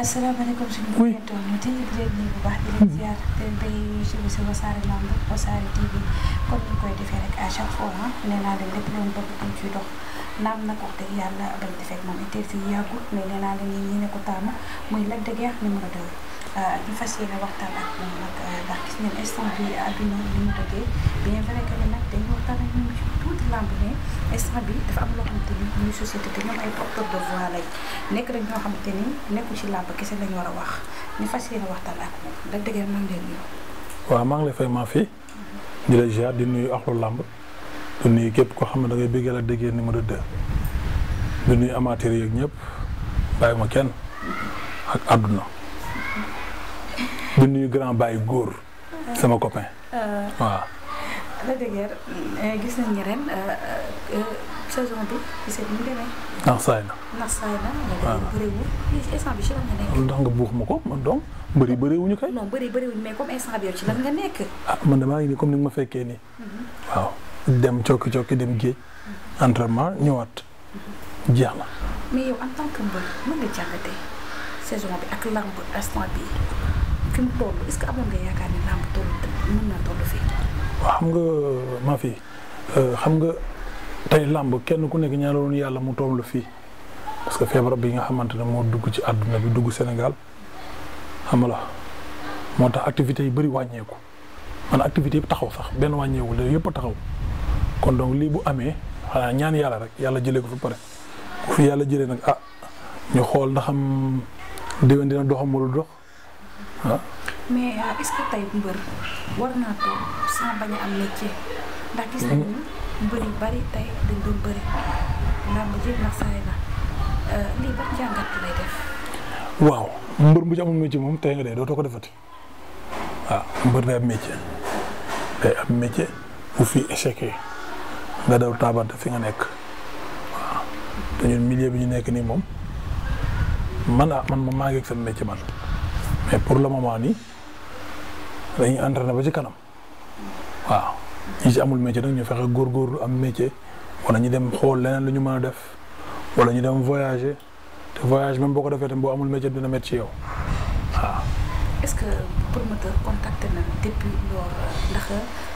asalaamaaleykum suñu mbokki ñu tey leen nii bu baax di leen ziar te bay suñu si Wassare Lamb Wassare TV comme ni koy defee rek à chaque fois ah nee naa leen lépp leen bëgg duñ ciy dox naam nag wax dëgg yàlla bañ defee moom itam si yàggut mais nee naa leen ñi ne ko taamu muy Lac de Guiers numéro 2 euh, ñu fas yéene waxtaan ak moom nag euh, ndax gis nañ instant bi àdduna li mu dëggee bien vrai que nag dañu waxtaan ak ñoom ci làmb ne instant bi dafa am loo xamante te ñoom ay porteur de voix lay nekk rek ñoo xamante ni nekkul lañ war a wax ñu fas waxtaan ak moom Lac de Guiers maa ngi leen lay fay maa fii di la ziar di nuyu axlu làmb di koo xam ne da ngay bëggee bàyyi ma kenn ak àdduna di nuyu grand bàyyi góor sama copain euh, waaw. Lac de eh, gis nañ ne ren eh, eh, saison bi gisee saay na. ndax saay na. waaw nga nekk. nga buux ma ko man donc bëri bëriwuñu kay. non bëri bëriwuñu mais comme instant bi yow ci lan nga nekk. ah man damaa ngi comme ni ma fekkee nii. Mhm. dem cokki cokki dem géej. Mhm. entraînement ñëwaat. Mhm. jeex na. mais yow en tant que mbër mën nga jàngatee saison bi ak lamb instant bi fi mu toll que amoon nga yaakaar ne lamb toll mën waaw xam nga ma fi euh, xam nga tey làmb kenn ku nekk ñaanoon yàlla mu toom la fii parce que feebar bi nga xamante ne moo dugg ci àdduna bi dugg Sénégal xam la moo tax activités yi bëri wàññeeku man activité yëpp taxaw sax benn wàññeeku la yëpp taxaw kon donc lii bu amee xanaa ñaan yàlla rek yàlla jëlee ko fi pare ku yàlla jëlee nag ah ñu xool ndax am déwén dina doxam wala dox mais euh, est-ce que tey mbër war mhm. ji euh, ci amul métier moom tey nga dee dootoo ko defati waaw ah, mbër day am métier day am métier bu fi échecé nga daw taabante fi nga nekk waaw te ñun bi ñu nekk nii moom man ah man ma maa ngi ak seen métier man mais pour le moment nii. dañuy entraîné ba ci kanam waaw ñi ci amul métier nag ñu fexe lu am métier wala ñu dem xool leneen lu ñu mën a def wala ñu dem voyager te voyage même boo ko defee tam boo amul métier dina métti ci yow waaw. ce que promoteur contacté na depuis lors ndax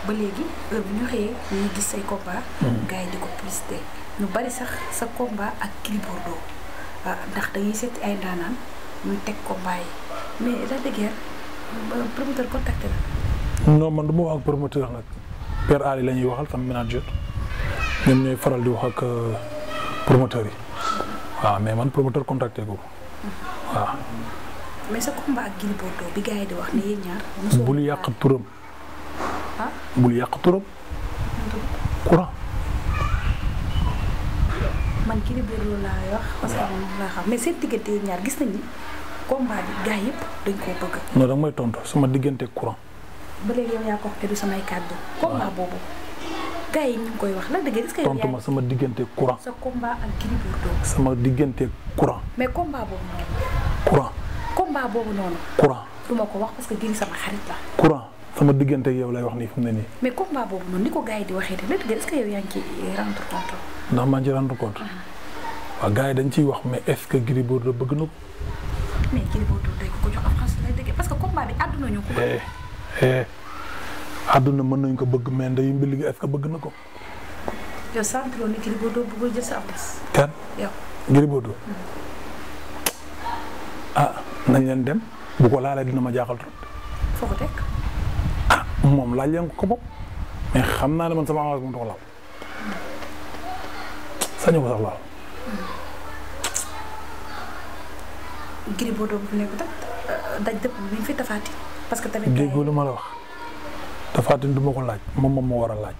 ba léegi heure bi ñu xëyee ñu gis say combat. Hmm. gars di ko publicité ñu bari sax sa combat ak Gris Bordeaux ah, ndax dañuy seeti ay ndaanaan ñu teg combat yi mais Lac de promoteur man du ma wax ak promoteur nag Père Ali la ñuy waxal sama manager ñoom ñooy faral di wax ak euh, promoteur yi waaw mais man promoteur contacté ko waaw. mais sa combat ak Gris bi gars di wax ne yéen ñaar. bul yàq turam. Ah? bul yàq turam. courant. man Gris Bordeaux mais seen diggante yéen ñaar gis nañu combat bi gars yëpp dañ koo bëgg. non da may tontu sama diggante courant. samay kàddu. combat boobu gars yi ma sama diggante courant. sa combat sama diggante courant. mais combat boobu noonu. courant. combat ma ko wax parce que Gris sama xarit la. courant sama diggante yow lay wax nii fi ne nii. mais combat boobu noonu ni ko gars yi di waxee de ndax maa ngi ciy rendre compte. Ah. waaw gars dañ ciy wax mais est-ce que Gris Bordeaux bëgg na ko. mais Gris parce que combat bi àdduna eh, eh, àdduna mën nañ ko bëgg mais Ndeye Mbiligi est-ce bëgg na ko. yow sant hmm. ah nañ leen dem bu ko laalee dina ma jaaxal trop. Ah, moom laaj leen ko bopp mais xam naa ne man sama avance bu mu dox laal hmm. sañu ko sax laal. Hmm. Gris Bordeaux bu fi tafaati euh, parce que tamit déggoo lu ma la wax tafaati du ma ko laaj moom moom ma war a laaj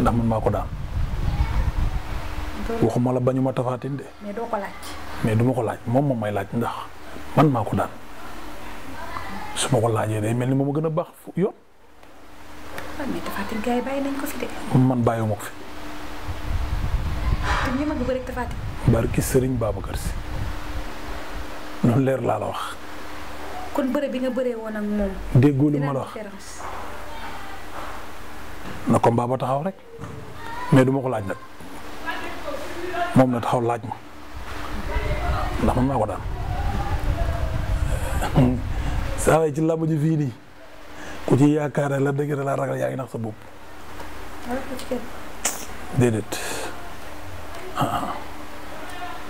ndax man maa ko daan waxuma la bañuma tafaatin de mais doo ko laaj mais du ma ko laaj moom moom may laaj ndax man maa ko daan su ma ko laajee day mel ni moom a gën a baax yoon ah, mais bàyyi nañ ko fi de man bàyyiwuma ko fi te ñi ma bëgg rek tafaatin barki Sëriñ Si lu leer laa la wax. kon bëre bi nga bëree woon ak ma la wax na combat ba taxaw rek mais duma ko laaj nag moom na taxaw laaj ma ndax mën ma ko daan saa waay ci làmb ji fii nii ku ci yaakaar la dëgg la ragal yaa ngi nax sa bopp. déedéet ah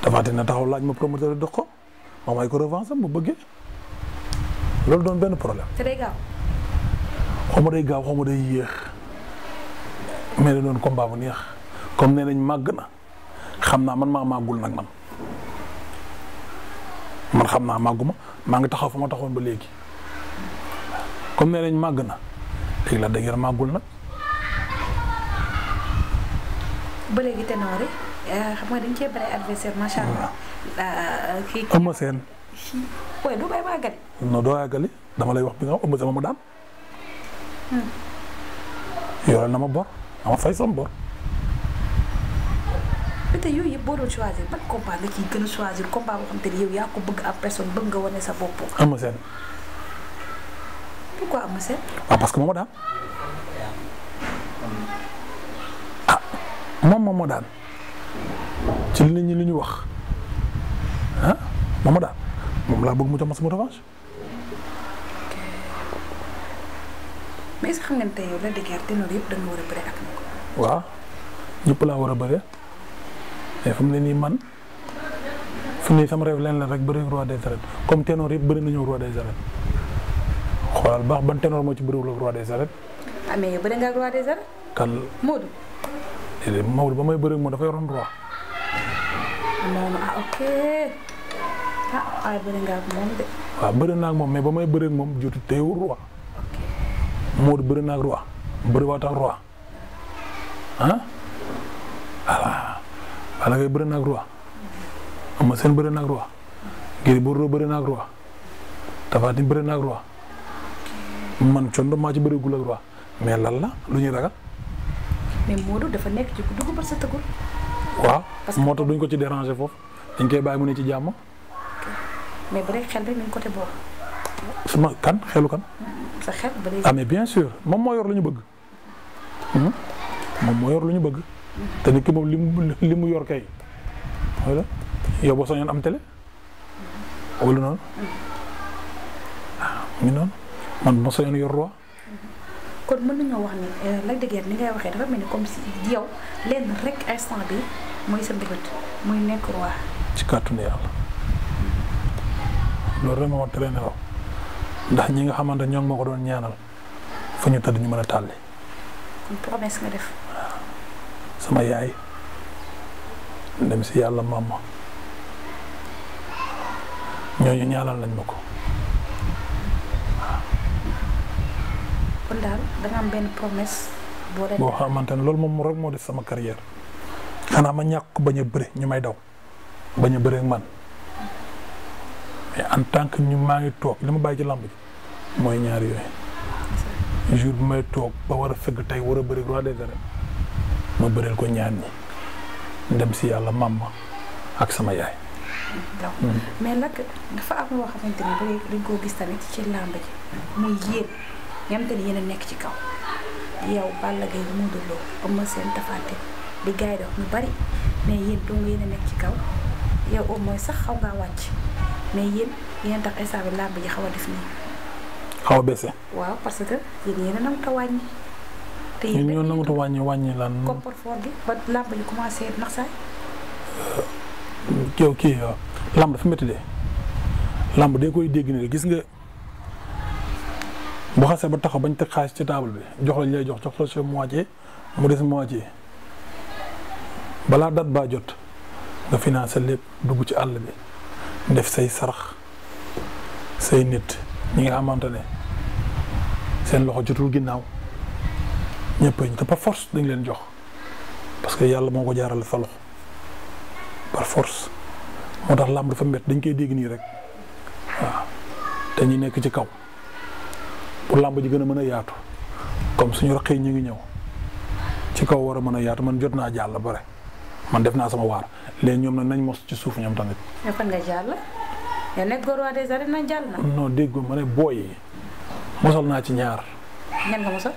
Tapha Tine na taxaw laaj ma promoteur dox ko. ma may ko revanche am bu bëggee loolu doon benn problème. te day gaaw. xaw ma day gaaw xaw ma doon combat bu neex comme nee nañ màgg na xam naa man maa màggul nag man man xam naa màgguma maa ngi taxaw fa ma taxawoon ba léegi comme nee nañ màgg na léegi la da màggul nag. ba léegi ténor yi euh, xam nga dañ cee bare adversaire macha allah. Euh, kii Eumeu waaye doo bàyyi ma àggali. non doo àggali dama lay wax bi nga xam Eumeu Sène ma daan. Hmm. na ma bor dama fay sama yooyu yëpp boo doon choisir ban combat nga ciy gën a choisir combat boo xam te yaa ko bëgg ab personne bëgg nga wane sa bopp. Eumeu Sène. Ah, parce que moom ma daan. moom moom ma daan ci nit ñi li ñu wax ah moom ma daan moom laa bëgg mu jox ma sama revanche. mais est la war a bëri ak laa war a bëri mais fu mu ne nii man fu mu ne sama rêve leen la rek bëri roi des arènes comme ténor yëpp bëri nañu roi des arènes xoolal baax ban ténor moo ci bëriwul roi des arènes. ah mais nga roi des arènes. kan Maodo ba may bëri moom dafa yoroon roi. moom ah ok ah waaye bëri nga ak moom de. waaw bëri naa ak moom mais ba may bëri moom jotu teewul roi. Maodo bëri naa ak roi bëri waat ak roi ah voilà Balla Gaye bëri naa ak roi Eumeu Sène bëri naa ak roi Gris Bordeaux bëri naa ak roi Tapha Tine bëri naa ak roi man coono maa ci bëri gul ak roi mais lan la lu ñuy ragal. mais Modou dafa nekk ci dugg ba sa tëggul. waaw moo tax duñ ko ci déranger foofu dañ koy bàyyi mu ne ci jàmm. mais xel côté boobu. sama kan xelu kan. Mm-hmm. sa xel ba ah, bien sûr moom moo yor lu ñu bëgg. Hmm? moom moo yor lu ñu bëgg. Mm-hmm. te nit ki moom li mu li mu yor kay. yow boo soñoon am télé. Mm-hmm. wala noonu. ah mi noonu man ma soñoon yor roi. kon mën nañoo wax ni euh, Lac de ni ngay waxee dafa mel ni comme si yow lenn rek instant bi mooy sa mbébét muy nekk roi. ci kàttanu yàlla loolu rek moo tere nelaw ndax ñi nga xamante ñoo ngi ma ko doon ñaanal fu ñu tëdd ñu mën a tàlli. kon promesse nga sama yaay dem si yàlla maam ma ñooñu ñaanal lañ ma ko. kon daal da benn promesse. boo xamante ne loolu moom rek moo def sama carrière xanaa ma ñàkk ko bañ a bëre ñu may daw bañ a bëre ak man maa ngi toog li ma bàyyi ci lamb mooy ñaar yooyu. jour toog war a fëgg tey war a bëri roi des ma bëreel ko ñaar ñi dem si yàlla mam ma ak sama yaay. Hmm. mais nag dafa am loo xamante dañ koo gis tamit ci lamb ji muy yéen. ñi xam te nekk ci kaw yow Balla Gaye Modou Lo Eumeu Sène Tapha Tine di gaay dox ñu bari mais yéen dong yéen a nekk ci kaw yow au moins sax xaw ngaa wàcc mais yéen yéen tax instant bi làmb ji xaw def nii. xaw a baissé. waaw parce que yéen yéen a nangut a wàññi. te yéen wàññi wàññi lan. koppar foor gi ba làmb ji commencé nax saay. yow kii làmb dafa métti de làmb da koy dégg ne gis nga. bu xasee ba taxaw bañ teg xaalis ci table bi jox lañ lay jox jox la sa moitié mu des moitié balaa date baa jot nga financé lépp dugg ci àll bi def say sarax say nit ñi ngi xamante ne seen loxo jotul ginnaaw ñëpp ñu te par force dañ leen jox parce que yàlla moo ko jaarale sa loxo par force moo tax làmb dafa mett dañ koy dégg nii rek waaw te ñi nekk ci kaw. pour làmb ji gën a mën a yaatu comme suñu raq ñu ngi ñëw ci kaw war a mën a yaatu man jot naa jàll bare man def naa sama waar léegi ñoom na nañ mos ci suuf ñoom tamit. mais fan nga jàll. na jàll na. non ma ne booy mosal naa ci ñaar. ñan nga mosal.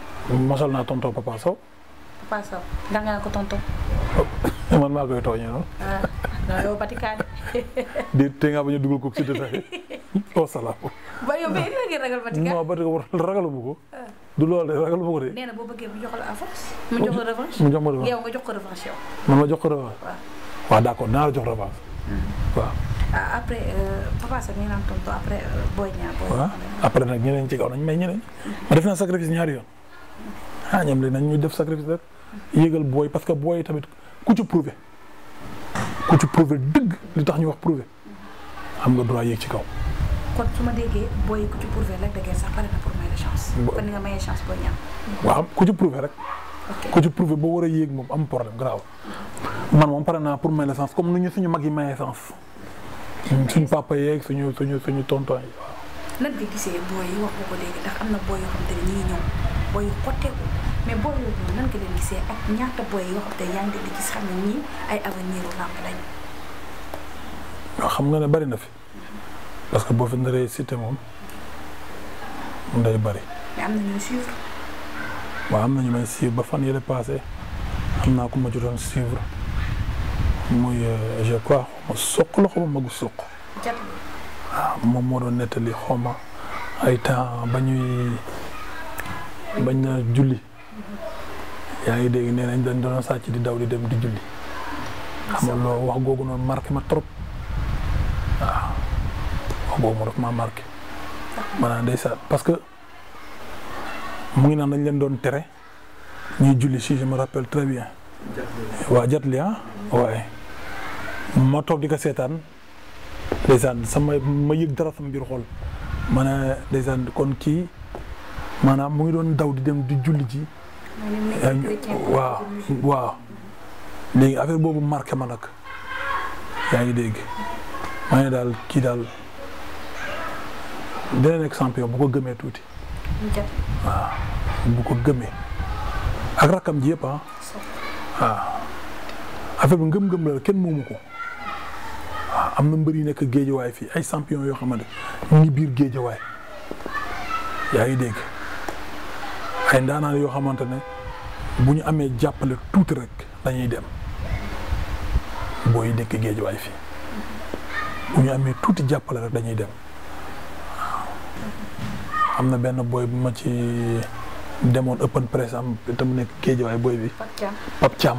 mosal naa tonton Papa Sow. Papa Sow da nga ko tonton. man maa koy tooñee noonu. waaw ah, non yow Batikaan. di te nga bañ a dugal ko ci détail. wasalaam. waaye yow mais il ragal Vatican. non Vatican ragaluma ko. du loolu de ragaluma ko de. nee na boo bëggee mu jox la avance. mu jox la revanche mu jox ma revanche yow nga jox ko revanche yow. man ma jox ko revanche. waaw waaw d' accord naa la jox revanche. waaw. après Papa Sow ñu naan tontu après Boy Niang. waaw après nag ñeneen ci kaw nañ may ñeneen. ma def naa sacrifice ñaari yoon. ah ñoom de nañ ñu def sacrifice rek. yëgal booy parce que booy tamit ku ci prouvé. ku ci prouvé dëgg li tax ñu wax prouvé. am nga droit yéeg ci kaw. kon su ma déggee booy ku ci prouvé rek da sax pare na pour may la chance. booy rek. ku ci boo war a yéeg moom am problème grave. man moom naa pour may la comme ni suñu mag yi mayee chance. suñu papa yeeg suñu suñu wax nga ko léegi ndax am na booy yoo xam ne ñu ngi booy xam ne ñii ay xam nga ne bari na fi. parce que boo fi naree cité moom day bëri. mais am na ñuy suivre. waaw am na ñu may suivre ba fan yële passé am naa ku ma jotoon suivre muy euh, je crois ma soq la ma magu soq. moom moo doon nettali xaw ay temps ba bañ na julli. yaa ngi dégg nee nañ dañ doon sàcc di daw di dem di julli. xam loo wax googu noonu marqué ma trop. boobu daf maa marqué. maanaam ndeysaan parce que mu ngi naan dañ leen doon tere ñuy julli si je bien. waa jatli ah waaye ma toog di ko seetaan ndeysaan sama ma yëg dara sama xool ma ne ndeysaan kii maanaam mu ngi doon daw di dem di julli ji. léegi affaire boobu marqué ma nag yaa ngi dégg maa ngi daal kii daal. dina nekk champion bu ko gëmee tuuti. waaw bu ko gëmee ak rakkam ji yëpp ah. a waaw bi ngëm-ngëm la kenn moomu ko. am na mbër yu nekk géejawaay fii ay champion yoo xamante ñu ngi biir géejawaay yaa ngi dégg ay ndaanaan yoo xamante ne bu ñu amee jàppale tuuti rek dañuy dem booy nekk géejawaay fii mm-hmm. bu ñu amee tuuti jàppale rek dañuy dem. am na benn boy bu ma ci demoon open press am te mu nekk Géejawaay boy bi. Pape Thiam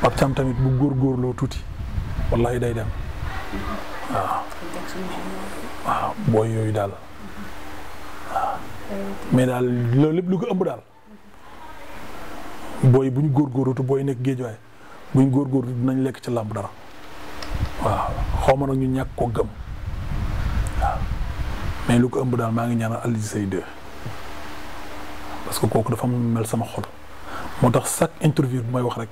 Pape tamit bu góor góorgóorloo tuuti wallahi day dem waaw. waaw booy yooyu daal waaw mais daal loolu lépp lu ko ëmb daal booy bu ñu góorgóorlutu booy nekk géejuwaay bu ñu góorgóorlutu dinañ lekk ci làmb dara waaw xaw ma nag ñu ñàkk ko gëm. mais lu ko ëmb daal maa ngi ñaanal Alioune Seye 2 parce que kooku dafa mel sama xol moo tax chaque interview bu may wax rek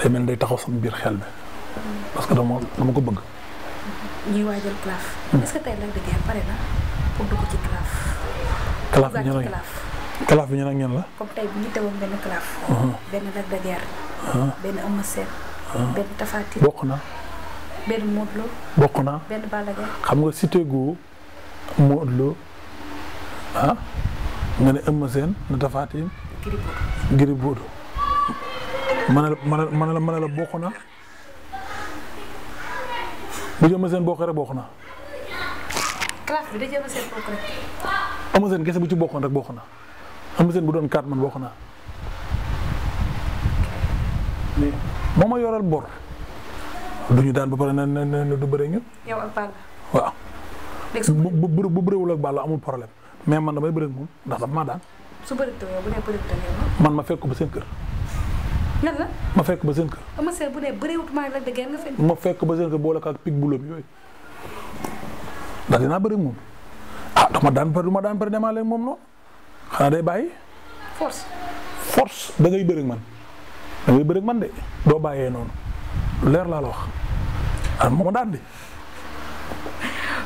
day mel day taxaw sama biir xel bi parce que dama dama ko bëgg. ñuy waajal claf. bi hmm. ñeneen claf bi ñeneen ñeneen la. comme hmm. hmm. na. benn na xam nga cité gu. Modou Lo ah nga ne Eumeu Sène na Tapha Tine. Gris Bordeaux mën na la mën na la mën na la bokk na bu ci Eumeu Sène rek bokk na. classe bi da kese bu ci bokkoon rek bokk na Eumeu seen bu doon kaat man bokk naa. moo ma yoral bor. du ñu daan ba pare na na na du bëre ñun. yow bu bu bu bëriwul ak Balla amul problème mais man damay bëri moom ndax dafa maa daan. su bëri tawee man ma fekk ba seen kër. ma fekk ba seen kër. ama seen bu dee bëriwut maa la fekk. ma fekk ba seen kër boole ko ak picc bu yooyu ndax dinaa bëri moom ah dama daan pare du ma daan pare demaa leen moom noonu xanaa day bàyyi. force force da ngay bëri man dangay ngay bëri man de doo bàyyee noonu leer laa la wax ah ma daan de.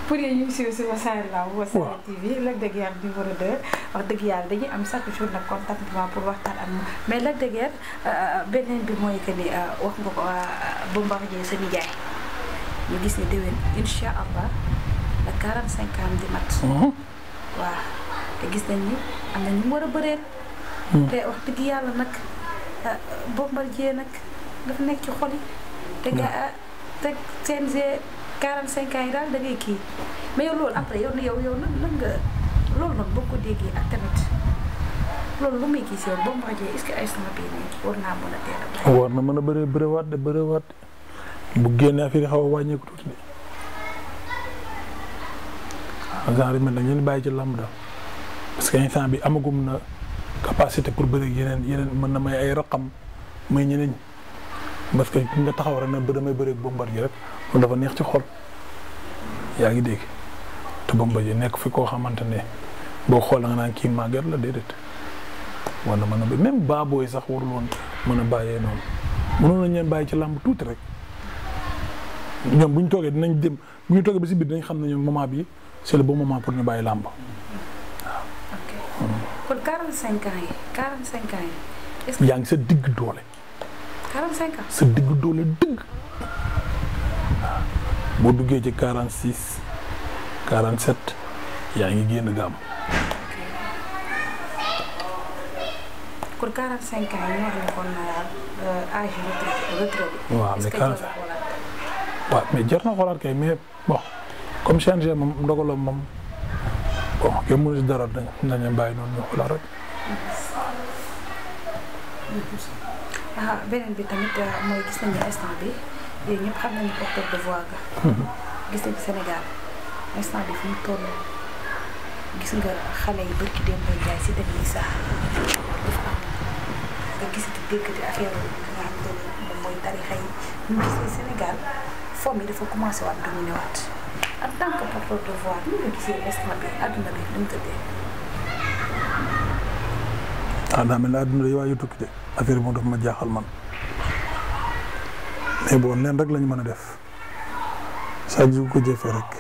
pour yéen ñu ngi suivre sur Wassare Lamb Wassare TV Lac de Guiers numéro 2 wax dëgg yàlla dañuy am chaque jour nag contact mais Lac de Guiers euh, beneen bi mooy que ni euh, wax nga ko euh, Bombardier gis ni déwén incha allah la 45 ans di mat. waaw te gis nañ am na ñu war a bëreel. te wax dëgg yàlla nag Bombardier nag nekk ci xol yi. te nga te CNG. 45 ans yi daal da ngay kii mais loolu après yow yow yow nan lan nga loolu boo ko déggee ak tamit loolu lu muy gis yow ba mu xajee est que ay sama war na mën a bëree bëriwaat de bëriwaat bu génnee affaire yi xaw a wàññeeku tuuti de. waaw genre mel nañ leen bàyyi ci làmb daal parce que instant bi amagum na capacité pour bëri yeneen yeneen mën na may ay raqam may ñeneen. parce que nga taxaw rek na ba damay bëreeg Bombardier rek loolu dafa neex ci xol yaa ngi dégg te Bombardier nekk fi koo xamante ne boo xool nga naan kii màgget la déedéet war na mën a même baaboo yi sax warul woon mën a bàyyee noonu mënoon nañ leen bàyyi ci làmb tuuti rek ñoom bu ñu toogee dinañ dem bu ñu toogee ba si biir dinañ xam ne ñoom moment bi c'est le bon pour ñu bàyyi làmb waaw. ok kon yaa ngi sa digg doole. 45 sa digg doole dëgg waaw duggee ci 46 47 yaa ngi génn gàmm. pour 45 euh, waaw mais 45 waaw na xoolaat kay mais bon comme CNG moom ndogalam moom bon kenn mënu dara dañ nañu bàyyi noonu ñu xoolaat rek. Mm-hmm. ah beneen bi tamit euh, mooy gis nañu instant bi yooyu ñëpp xam nañu porteur de voix ga gis nañu Sénégal instant bi fi mu gis nga xale yi barki dem bay jaay si tamit sax dafa nga gisati déggati affaire nga xam ne mooy tarixa yi ñu gis ne Sénégal forme yi dafa commencé waat mu waat en tant que porteur de voix ñu nga gisee instant bi àdduna bi nu mu tëddee ah daa mel ne adduna yi waaye tukki de affaire bi moom dafa ma jaaxal man mais bon leen rek lañ mën a def saa ji ko jëfee rek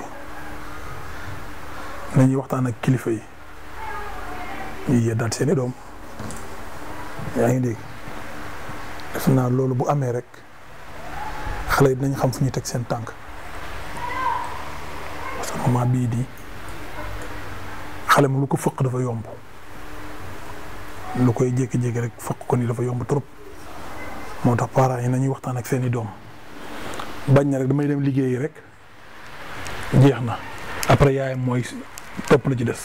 nañuy waxtaan ak kilifa yi ñu yeddaat seen doom yaa ngi dégg def naa loolu bu amee rek xale yi dinañ xam fu ñuy teg seen tànk parce que moment bii di xale mu lu ko fëq dafa yomb. lu koy jékki-jékki rek fokk ko ni dafa yomb trop moo tax parents yi nañuy waxtaan ak seeni doom bañ na rek damay dem liggéeyi rek jeex na après yaayam mooy topp la ci des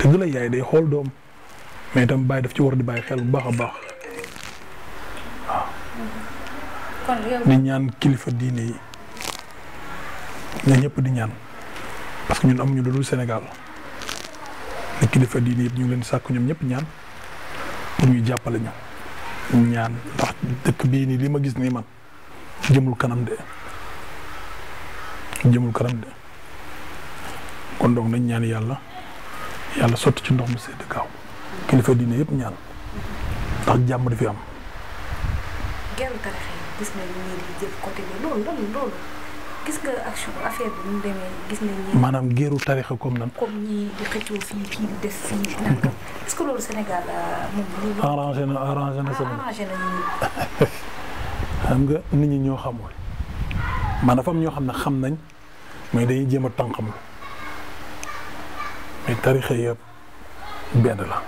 te du la yaay day xool doom mais itam bàyyi daf ci war di bàyyi xel bu baax a baax waaw. ñaan kilifa diine yi ñun ñëpp di ñaan parce que ñun amuñu lu dul Sénégal. kilifa diine yëpp ñu ngi leen sàkku ñoom ñëpp ñaan ñuy jàppale ñu ñaan ndax dëkk bii nii li ma gis nii man jëmul kanam de jëmul kanam de kon donc nañ ñaan yàlla yàlla sotti ci ndox mu sedd gaaw kilifa diine yëpp ñaan ndax jàmm di am. gis nga action affaire maanaam géeru tarixa kom nan. comme ñii di xëccoo fii kii di def fii. est que loolu Sénégal euh, moom na arrangé na na ñun. xam nga nit ñi ñoo xamul maanaam dafa ñoo xam ne xam nañ mais dañuy jéem a tànqam mais tarixa yëpp benn la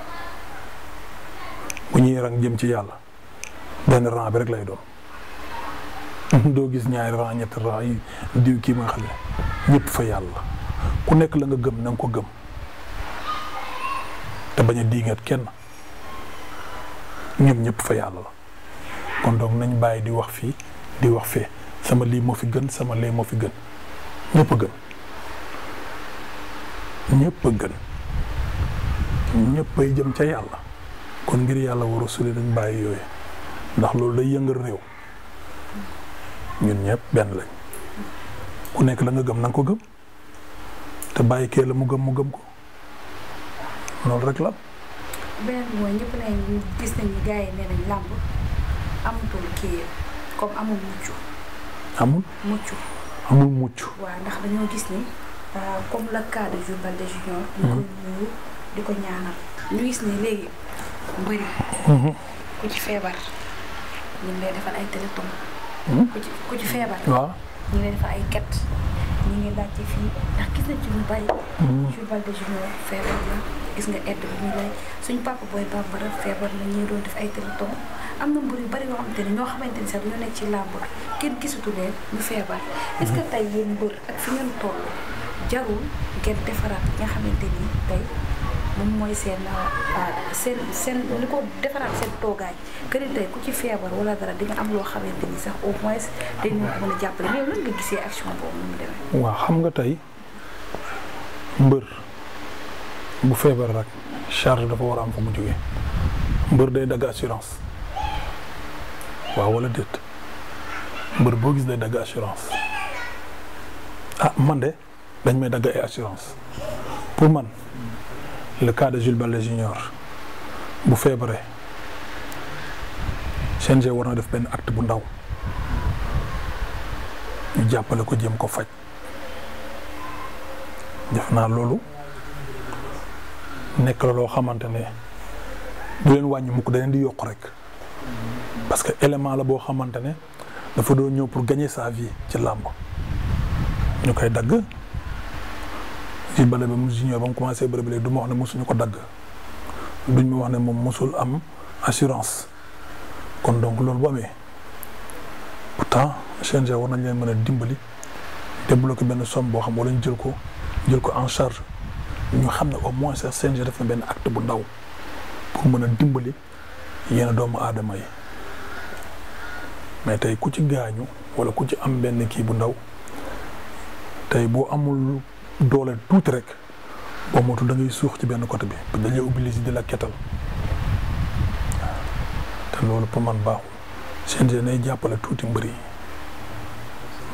bu ñuy rang jëm ci yàlla benn rang bi rek lay doon. doo gis ñaari ran ñetti ran yi diw kii ma nga xam ne ñëpp fa yàlla ku nekk la nga gëm na nga ko gëm te bañ a diingat kenn ñoom ñëpp fa yàlla la kon donc nañ bàyyi di wax fii di wax fee sama lii moo fi gën sama lee moo fi gën ñëpp a gën ñëpp a gën ñëpp ay jëm ca yàlla kon ngir yàlla war a suli dañ bàyyi yooyu ndax loolu day yëngal réew ñun ñëpp benn lañ ku nekk la nga gëm na ko gëm te bàyyi kee la mu gëm mu gëm ko loolu rek la. beneen bi mooy ñëpp nañ gis nañu gars yi nañ làmb amatul kii comme amul mucc. amul mucc. amul ndax dañoo gis ni euh, comme le cas de Jules Baldé Junior. di ko mhm. nuyu di ko ñaanal. ñu gis ni léegi mbëri. Mhm. ku ci feebar ñu ngi defal ay téléthon. Hmm? ku ci ku ci feebar. waaw ñu ngi ay get ñu ngi laajte fii ndax gis nañ ci lu bari. Hmm. jour Balde junior feebar la gis nga aide bi ñu lay suñu papa booy bambara feebar la ñuy doon def ay téléthon am na mbir yu bari yoo xamante ne ñoo xamante ni sax ñoo nekk ci làmb kenn gisatu leen ñu feebar. Hmm. est-ce que tey yéen mbër ak fi ngeen toll jarul ngeen defaraat nga xamante ni tey. moom mooy seen ah, seen seen li ko defaraat seen toogaay kër yi ku ci feebar wala dara di nga am loo xamante ni sax au moins dañ ñu ko jàppale mais lan nga gisee action boobu mu demee. waaw xam nga tey mbër bu feebar rek charge dafa war a am fa mu jógee mbër day dagg assurance waaw wala déet mbër boo gis day dagg assurance ah man de dañ may dagg ay assurance pour man. le cas de Jules Baldé Junior bu feebaree CNG war na def benn acte bu ndaw ñu jàppale ko jëm ko faj def naa loolu nekk la loo xamante ne du leen wàññi mukk da di yokk rek parce que élément la boo xamante ne dafa doo ñëw pour gagner sa vie ci làmb ñu koy dagg. ci bële ba mu junior ba mu commencé bëre ba wax ne ko dagg duñ ma wax ne moom mosul am assurance kon donc loolu bu amee pourtant CNG war nañ leen mën a dimbali débloqué benn somme boo xam wala ñu jël ko jël ko en charge ñu xam ne au moins sax CNG def na benn act bu ndaw pour mën a dimbali yenn doomu aadama yi mais tey ku ci gaañu wala ku ci am benn kii bu ndaw tey boo amul. doole tuuti rek boo mootu da ngay suux ci benn côté bi ba dañuy obligé di la ketal te loolu pour man baaxul CNG nay jàppale tuuti mbër yi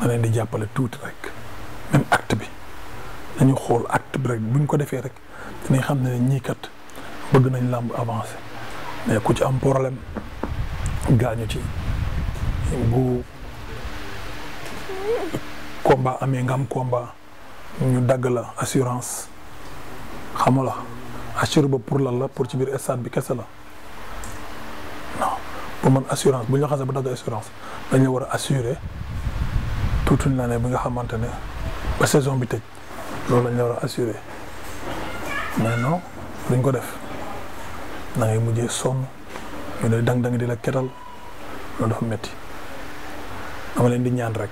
na di jàppale tuuti rek même acte bi nañu xool acte bi rek buñ ko defee rek dinañ xam ne ñii kat bëgg nañ làmb avancé mais ku ci am problème gaañu ci bu komba amee nga am komba ñu dagg la assurance xamula assure ba pour lan la pour ci biir stade bi kese la non pour man assurance bu ñu la xasee ba dagg assurance dañ la war a assure toute une année bi nga xamante ne ba saison bi teg loolu lañ la war a assurer mais non duñ ko def da ngay mujjee sonn ñu ne dang dang di la ketal loolu dafa metti dama leen di ñaan rek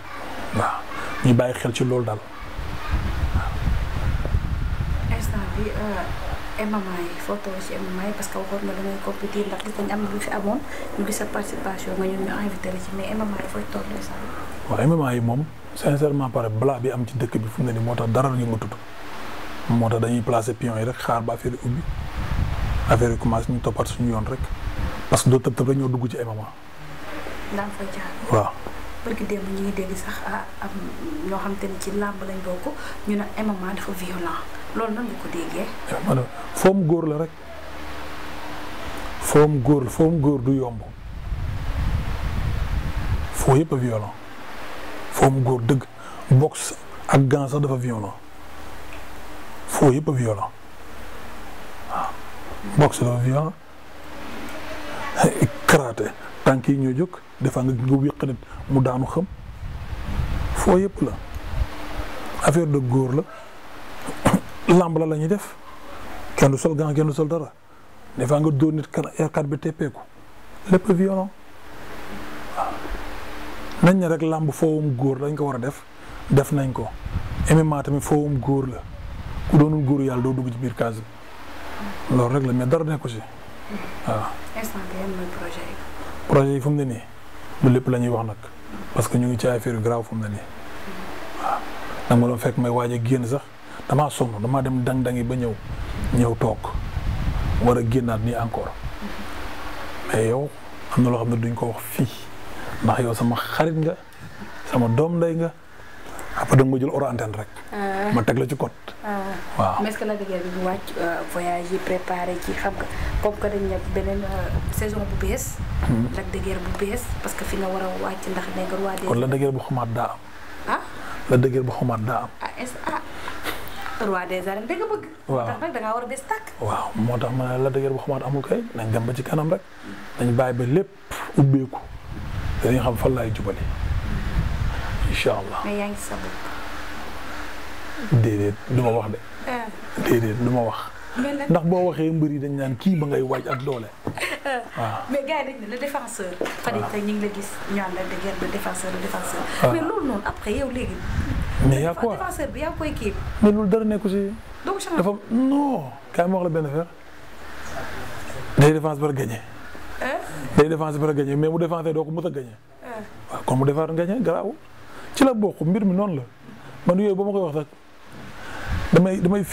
waaw ñu bàyyi xel ci loolu daal. MMA yi photo ci MMA yi parce que waxoon nga dangay compétir ndax gis nañ am lu fi amoon ñu gis sa participation nga ñu invité la ci mais MMA yi moom sincèrement pare balaa bi am ci dëkk bi fu mu ne moo tax dara ñu matut moo tax dañuy placer pion yi rek xaar ba affaire yi ubbi affaire yi commencé ñu suñu yoon rek parce que doo tëb tëb rek ñoo dugg ci MMA. daan fa jaar waaw. barki démb ñu ngi dégg sax am ñoo xam te ne ci làmb lañ bokk ñu ne MMA dafa violent. loolu eh, foom góor la rek foom góor foom góor du yomb foo yëpp a violent foom góor dëgg box ak gant sax dafa violent foo yëpp a violent box dafa violent karaté tànk yi ñoo jóg des fois nga nga wéq nit mu daanu xam foo yëpp la affaire de góor la. làmb la la ñuy def kenn du sol gant kenn du sol dara des fois nga dóor nit R4 eh, bi teppeeku lépp violent waaw nañ na rek làmb foowum góor lañ ko war a def def nañ ko MMA tamit foowum góor la ku doonu góor yàlla doo dugg ci biir case loolu rek la mais dara nekku si waaw. projet yi. projet yi ne nii lu lépp la ñuy wax nag parce que ñu ngi ci affaire yu grave fu mu ne nii waaw. dama doon fekk may waaj a génn sax. damaa sonn damaa dem dang-dangi ba ñëw ñëw toog war a génnaat nii encore mais yow xam na loo xam ne duñ ko wax fii ndax yow sama xarit nga sama doom ndey nga après da nga ma rek. Ah. ma teg la ci code. Ah. waaw mais est la dëgër ci xam nga comme que dañ nekk beneen euh, saison bu bees. Hmm. bu bees parce que fi nga war a wàcc ndax nee nga roi des. kon la dëgër bu xamaat daa am. Ah? la dëgër bu xamaat daa am. roi des arènes waaw moo tax ma la dëgër bu xamaat amul ba ci kanam rek nañ ba lépp ubbeeku dañuy xam fan laay jubale incha déedéet du wax de. déedéet du ma wax. Ah. ndax boo waxee mbër yi dañ naan kii ba ngay waaj ak doole. Ah. waaw mais yi dañ défenseur. waaw fan yii ñu ngi la gis ñu la dëgër ba défenseur le défenseur. mais loolu noonu après yow léegi mais y' a yaa koy kii. mais loolu dara nekku si. donc changement dafa non. kaay ma la benn affaire day défense ba la day défense ba la mais mu défensé doo ko mës a gagné. waaw kon mu défensé gagné garaaw ci la bokk mbir mi noonu la man yooyu ba ma koy wax sax damay damay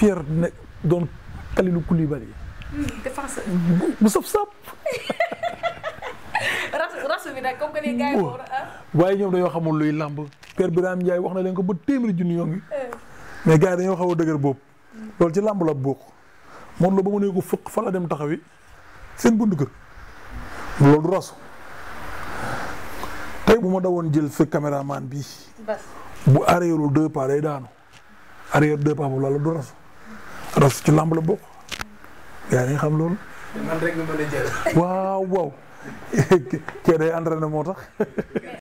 doon Kalidou Koulibaly. Hmm, défenseur bu saf saf. avance ah. waaye ñoom dañoo xamul luy làmb Père Birame Ndiaye wax na leen ko ba téeméeri junni yoo eh. mais gars yi dañoo xaw a dëgër boobu mm. loolu ci làmb la bokk moom la ba mu ne ko fukk fa la dem taxawi seen buntu kër loolu du rasu tey bu ma dawoon jël sa caméraman bi bu arrière deux pas day daanu arrière deux pas boobu la du rasu rasu ci làmb la bokk mm. gars yi dañu xam loolu. man waaw waaw. kee day entraîné moo tax